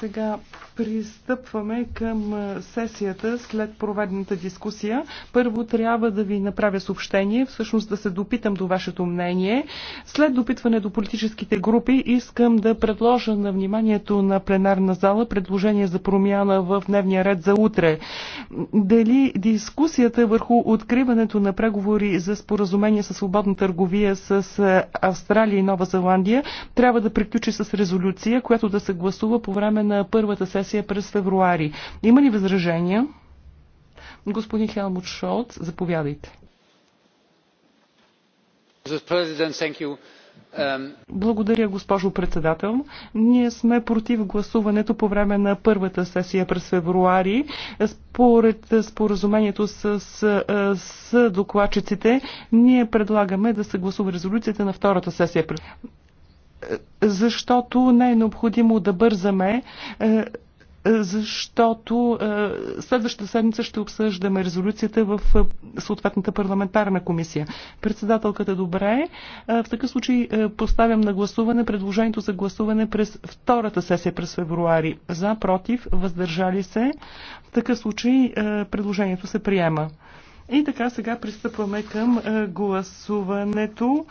Сега Пристъпваме към сесията след проведената дискусия. Първо трябва да ви направя съобщение, всъщност да се допитам до вашето мнение. След допитване до политическите групи искам да предложа на вниманието на пленарна зала предложение за промяна в дневния ред за утре. Дали дискусията върху откриването на преговори за споразумение за свободна търговия с Австралия и Нова Зеландия трябва да приключи с резолюция, която да се гласува по време на първата сесия сесия през февруари. Има ли възражения? Господин Хелмут Шолц, заповядайте. Um, Благодаря, госпожо председател. Ние сме против гласуването по време на първата сесия през февруари. Според споразумението с, с, с докладчиците, ние предлагаме да се гласува резолюцията на втората сесия. Защото не е необходимо да бързаме е, защото е, следващата седмица ще обсъждаме резолюцията в е, съответната парламентарна комисия. Председателката добре. В такъв случай поставям на гласуване предложението за гласуване през втората сесия през февруари. За, против, въздържали се. В такъв случай предложението се приема. И така, сега пристъпваме към е, гласуването.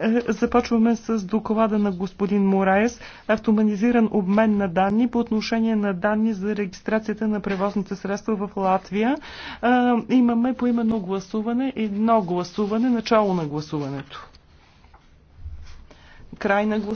Е, започваме с доклада на господин Мораес. Автоматизиран обмен на данни по отношение на данни за регистрацията на превозните средства в Латвия. Е, имаме по именно гласуване, едно гласуване, начало на гласуването. Край на гласуването.